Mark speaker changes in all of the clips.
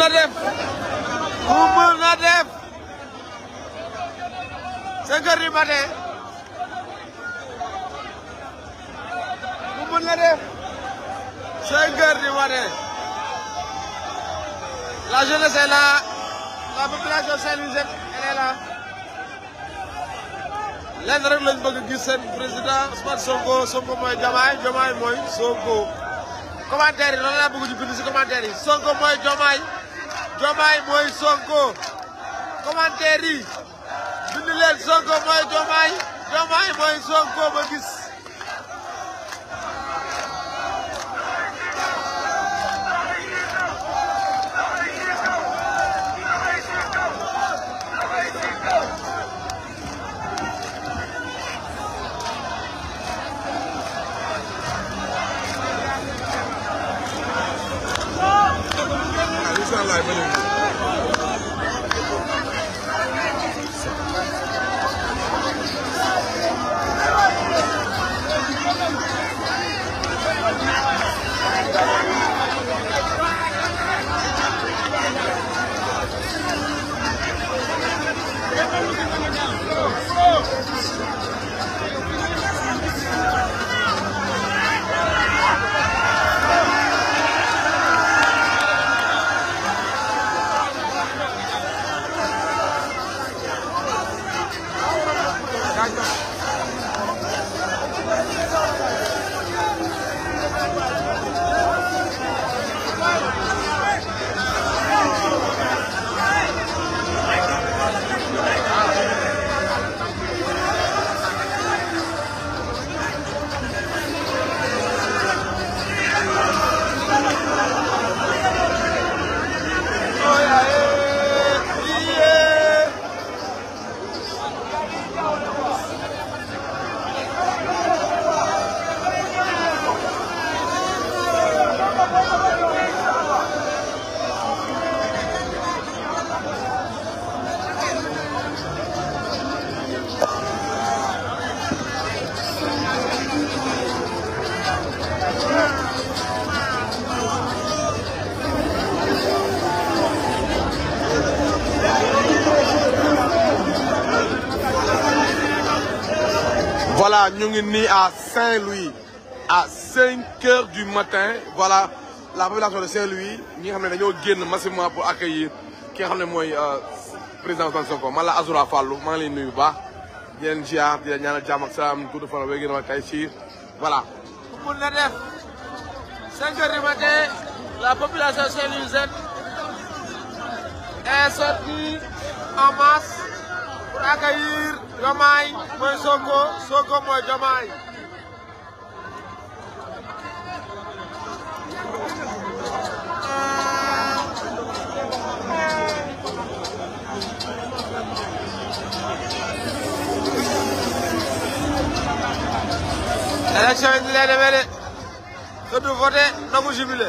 Speaker 1: na def ku mën na def sa kër yi ba dee na def sa kër yi ba la jeunesse est la population saint-louisienne elle rek lañ bëgg gis seen président Ousmane Sonko Sonko mooy Diomaye Diomaye mooy Sonko commentaire yi loolu laa bëgg ñu bind yi Sonko Diomaye mooy Sonko commentaire yi leen Sonko mooy Diomaye Diomaye mooy Sonko ba gis Bye, bye. ñu ngi ni à Saint-Louis à 5 heures du matin voilà la population de Saint-Louis ñi nga xam ne dañoo génn massivement pour accueillir ki nga xam ne mooy euh, président Ousmane Sonko man la Azoura Fallou maa ngi lay nuyu bu baax di leen ziar di leen ñaanal jàmm ak salaam gudd fan wéy gën a tay la def 5 heures du matin est sortie en masse. pour accueillir Diomaye mooy Sonko Sonko mooy Diomaye élection yi di leen demee de xëdu voté nangu jubilé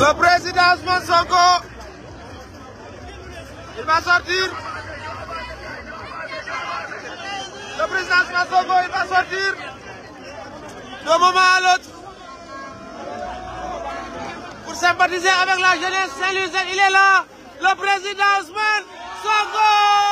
Speaker 1: Le président Ousmane Sonko, il va sortir. Le moment à l'autre pour sympathiser avec la jeunesse saint il est là, le président Ousmane Sonko.